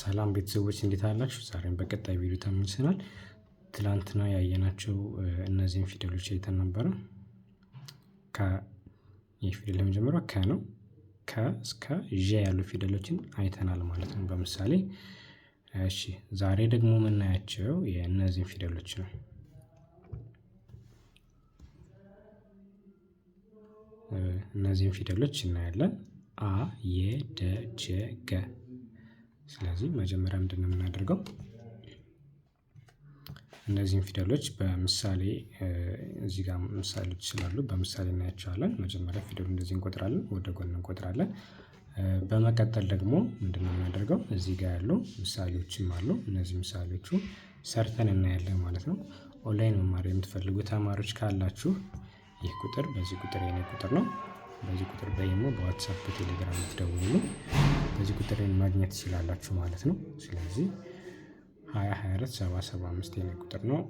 ሰላም ቤተሰቦች እንዴት አላችሁ? ዛሬም በቀጣይ ቪዲዮ ተመልሰናል። ትላንትና ያየናቸው እነዚህን ፊደሎች አይተን ነበረ። ይህ ፊደል ለመጀመሪያ ከ ነው። ከ እስከ ዥ ያሉ ፊደሎችን አይተናል ማለት ነው በምሳሌ። እሺ ዛሬ ደግሞ የምናያቸው የእነዚህን ፊደሎች ነው። እነዚህን ፊደሎች እናያለን። አ፣ የ፣ ደ፣ ጀ፣ ገ ስለዚህ መጀመሪያ ምንድነው የምናደርገው? እነዚህን ፊደሎች በምሳሌ እዚህ ጋር ምሳሌዎች ስላሉ በምሳሌ እናያቸዋለን። መጀመሪያ ፊደሉ እንደዚህ እንቆጥራለን ወደ ጎን እንቆጥራለን። በመቀጠል ደግሞ ምንድነው የምናደርገው? እዚህ ጋር ያሉ ምሳሌዎችም አሉ እነዚህ ምሳሌዎቹ ሰርተን እናያለን ማለት ነው። ኦንላይን መማር የምትፈልጉ ተማሪዎች ካላችሁ ይህ ቁጥር በዚህ ቁጥር የኔ ቁጥር ነው በዚህ ቁጥር ደግሞ በዋትሳፕ በቴሌግራም ትደውሉ በዚህ ቁጥር ማግኘት ትችላላችሁ ማለት ነው። ስለዚህ 2247 የኔ ቁጥር ነው።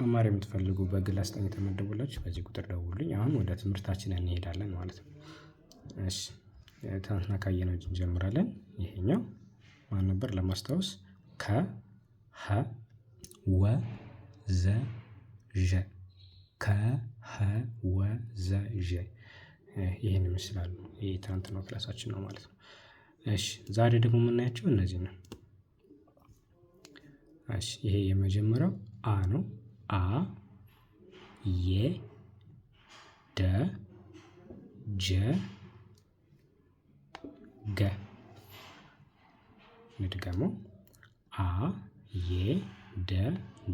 መማር የምትፈልጉ በግል አስጠኝ ተመደቡላችሁ በዚህ ቁጥር ደውሉኝ። አሁን ወደ ትምህርታችን እንሄዳለን ማለት ነው። እሺ ትናንትና ካየነው እንጀምራለን። ይሄኛው ማን ነበር ለማስታወስ? ከ ሀ ወ ዘ ዠ ከ ሀ ወ ዘ ዠ ይሄን ይመስላሉ የትናንትናው ክላሳችን ነው ማለት ነው። እሺ ዛሬ ደግሞ የምናያቸው እነዚህ ነው። እሺ ይሄ የመጀመሪያው አ ነው። አ የ ደ ጀ ገ ንድገመው አ የ ደ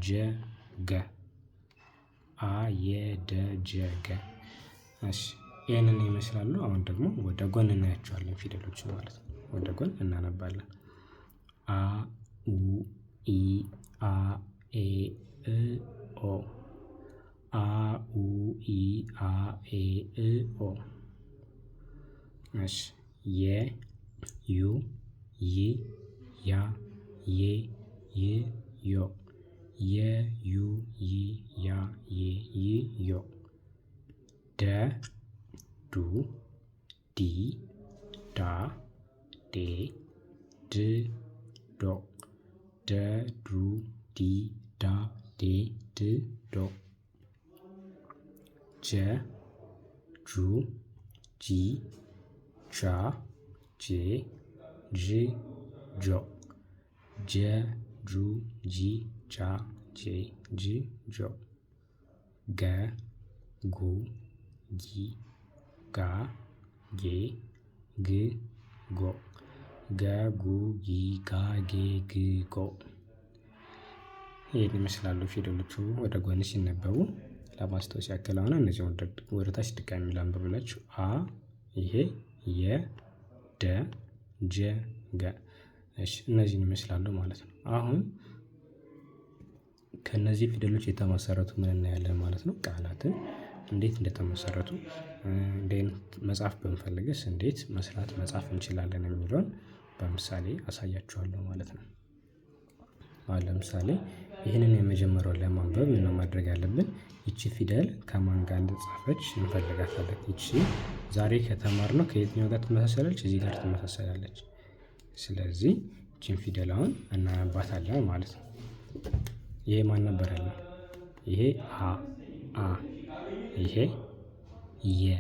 ጀ ገ አ የ ደ ጀ ገ እሺ ይህንን ይመስላሉ። አሁን ደግሞ ወደ ጎን እናያቸዋለን ፊደሎች ማለት ነው። ወደ ጎን እናነባለን። አ ኡ ኢ አ ኤ እ ኦ አ ኡ ኢ አ ኤ እ ኦ እሺ የ ዩ ይ ያ የ ይ ዮ የ ዩ ይ ያ የ ይ ዮ ደ ዱ ዲ ዳ ዴ ድ ዶ ደ ዱ ዲ ዳ ዴ ድ ዶ ጀ ጁ ጂ ጃ ጄ ዥ ጆ ጀ ጁ ጂ ጃ ጄ ጅ ጆ ገ ጉ ጊ ጋ ጌ ግ ጎ ገ ጉ ጊ ጋ ጌ ግ ጎ። ይህን ይመስላሉ ፊደሎቹ ወደ ጎን ሲነበቡ። ለማስታወስ ያክል አሁን እነዚሁን ወደ ታች ድጋሚ ላንብብላችሁ። አ ይሄ የ ደ ጀ ገ። እነዚህን ይመስላሉ ማለት ነው። አሁን ከእነዚህ ፊደሎች የተመሰረቱ ምን እናያለን ማለት ነው ቃላትን እንዴት እንደተመሰረቱ መጽሐፍ ብንፈልግስ እንዴት መስራት መጻፍ እንችላለን የሚለውን በምሳሌ አሳያችኋለሁ ማለት ነው። አሁን ለምሳሌ ይህንን የመጀመሪያው ለማንበብ ምን ማድረግ አለብን? ይቺ ፊደል ከማን ጋር እንደተጻፈች እንፈልጋታለን። ይቺ ዛሬ ከተማርነው ከየትኛው ጋር ትመሳሰላለች? እዚህ ጋር ትመሳሰላለች። ስለዚህ ይቺን ፊደል አሁን እናነባታለን ማለት ነው። ይሄ ማን ነበር ያለው? ይሄ አ አ ይሄ የ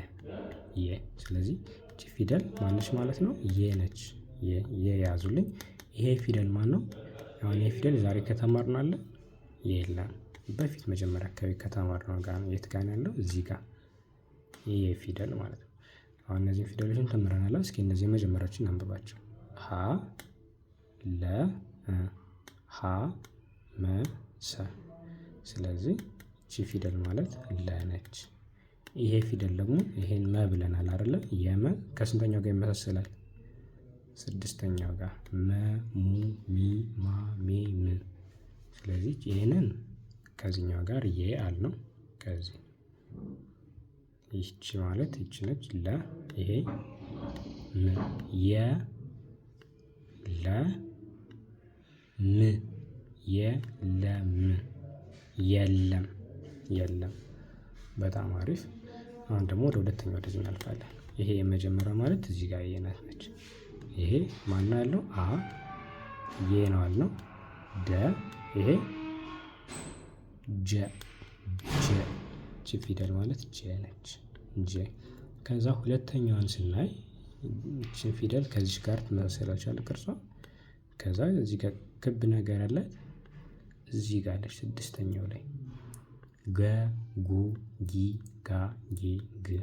የ ስለዚህ እቺ ፊደል ማነች ማለት ነው የ ነች የ የ ያዙልኝ። ይሄ ፊደል ማን ነው አሁን ይሄ ፊደል ዛሬ ከተማርናለ አለ የለም በፊት መጀመሪያ አካባቢ ከተማርነው ጋር ነው። የት ጋር ያለው እዚህ ጋር ይሄ ፊደል ማለት ነው አሁን እነዚህ ፊደሎችን ተምረናል እስኪ እነዚህ የመጀመሪያዎችን አንብባቸው ሀ ለ ሀ መ ሰ ስለዚህ እቺ ፊደል ማለት ለነች። ይሄ ፊደል ደግሞ ይሄን መ ብለናል አይደለ? የመ ከስንተኛው ጋር ይመሳሰላል? ስድስተኛው ጋር መ፣ ሙ፣ ሚ፣ ማ፣ ሜ፣ ም። ስለዚህ ይህንን ከዚህኛው ጋር የ አል ነው። ከዚህ ይቺ ማለት ይቺ ነች ለ ይሄ ም የ ለ ም የለም የለም የለም። በጣም አሪፍ። አሁን ደግሞ ወደ ሁለተኛው ወደዚህ እናልፋለን። ይሄ የመጀመሪያው ማለት እዚህ ጋር የናት ነች። ይሄ ማን ነው ያለው አ የ ነው ያለው። ደ ይሄ ጀ ጀ ጅ ፊደል ማለት ጀ ነች። ጀ ከዛ ሁለተኛዋን ስናይ ይችን ፊደል ከዚህ ጋር ትመሳሰላችኋል ቅርጿ። ከዛ እዚህ ጋር ክብ ነገር አላት እዚህ ጋር አለች ስድስተኛው ላይ ገ ጉ ጊ ጋ ጌ ግ።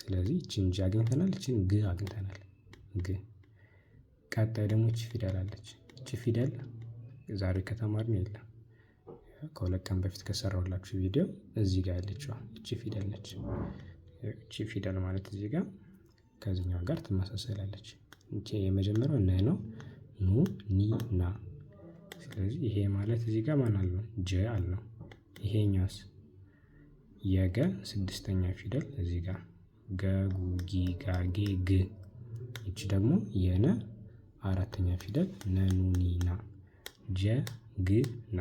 ስለዚህ ይችን ጂ አግኝተናል፣ ይችን ግ አግኝተናል። ግ ቀጣይ ደግሞ እች ፊደል አለች። እች ፊደል ዛሬ ከተማርን የለም ከሁለት ቀን በፊት ከሰራሁላችሁ ቪዲዮ እዚህ ጋር ያለችዋ እች ፊደል ነች። እች ፊደል ማለት እዚህ ጋር ከዚህኛው ጋር ትመሳሰላለች። የመጀመሪያው ነ ነው። ኑ ኒ ና። ስለዚህ ይሄ ማለት እዚህ ጋር ማን አለው ጀ አለው ይሄኛውስ የገ ስድስተኛ ፊደል እዚህ ጋር ገጉ ጊጋጌ ግ ይቺ ደግሞ የነ አራተኛ ፊደል ነኑኒና ጀግና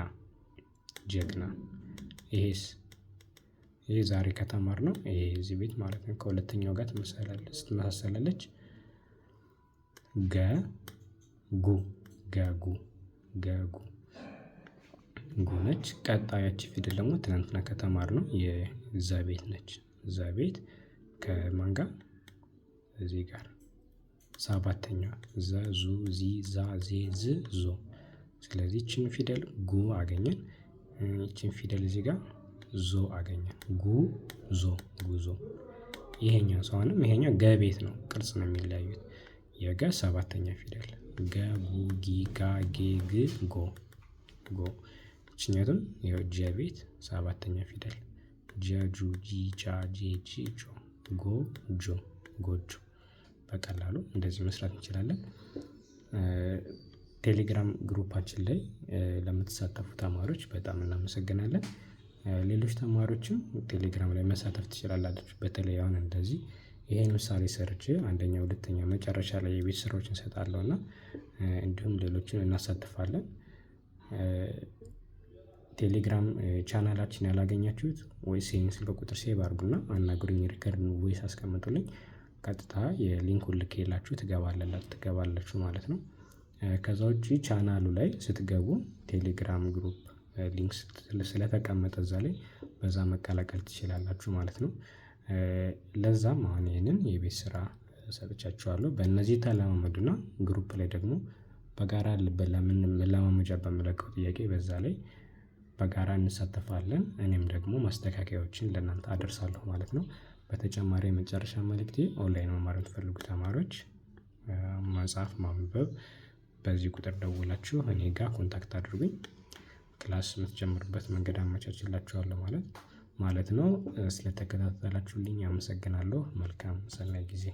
ጀግና። ይሄስ ይሄ ዛሬ ከተማር ነው። ይሄ እዚህ ቤት ማለት ነው። ከሁለተኛው ጋር ስትመሳሰላለች። ገ ጉ ገጉ ገጉ እንደሆነች ቀጣያች ፊደል ደግሞ ትናንትና ከተማር ነው የዛ ቤት ነች። እዛ ቤት ከማን ጋር እዚህ ጋር ሰባተኛዋ ዘ ዙ ዚ ዛ ዜ ዝ ዞ። ስለዚህ ይችን ፊደል ጉ አገኘን። ይችን ፊደል እዚህ ጋር ዞ አገኘን። ጉ ዞ ጉዞ። ይሄኛው ሰሆንም ይሄኛው ገ ቤት ነው። ቅርጽ ነው የሚለያዩት። የገ ሰባተኛ ፊደል ገ ጉ ጊ ጋ ጌ ግ ጎ ጎ እችኛቱም ይኸው ቤት ሰባተኛ ፊደል ጃ ጁ ጂ ጂ ጆ ጎ ጆ ጎጆ። በቀላሉ እንደዚህ መስራት እንችላለን። ቴሌግራም ግሩፓችን ላይ ለምትሳተፉ ተማሪዎች በጣም እናመሰግናለን። ሌሎች ተማሪዎችም ቴሌግራም ላይ መሳተፍ ትችላላችሁ። በተለይ አሁን እንደዚህ ይሄን ምሳሌ ሰርቼ አንደኛ፣ ሁለተኛ፣ መጨረሻ ላይ የቤት ስራዎች እንሰጣለሁ እና እንዲሁም ሌሎችን እናሳትፋለን። ቴሌግራም ቻናላችን ያላገኛችሁት ወይስ ይህን ስልክ ቁጥር ሴቭ አድርጉና አናግሩኝ፣ ሪከርድ ወይስ አስቀምጡልኝ። ቀጥታ የሊንኩን ልኬላችሁ ትገባላችሁ ማለት ነው። ከዛ ውጭ ቻናሉ ላይ ስትገቡ ቴሌግራም ግሩፕ ሊንክ ስለተቀመጠ እዛ ላይ በዛ መቀላቀል ትችላላችሁ ማለት ነው። ለዛም አሁን ይህንን የቤት ስራ ሰጥቻችኋለሁ። በእነዚህ ተለማመዱና ግሩፕ ላይ ደግሞ በጋራ ለመላማመጃ በመለቀው ጥያቄ በዛ ላይ በጋራ እንሳተፋለን እኔም ደግሞ ማስተካከያዎችን ለእናንተ አደርሳለሁ ማለት ነው። በተጨማሪ የመጨረሻ መልእክቴ ኦንላይን መማር የምትፈልጉ ተማሪዎች መጽሐፍ ማንበብ በዚህ ቁጥር ደውላችሁ እኔ ጋር ኮንታክት አድርጉኝ ክላስ የምትጀምርበት መንገድ አመቻችላችኋለሁ ማለት ማለት ነው። ስለተከታተላችሁልኝ አመሰግናለሁ። መልካም ሰናይ ጊዜ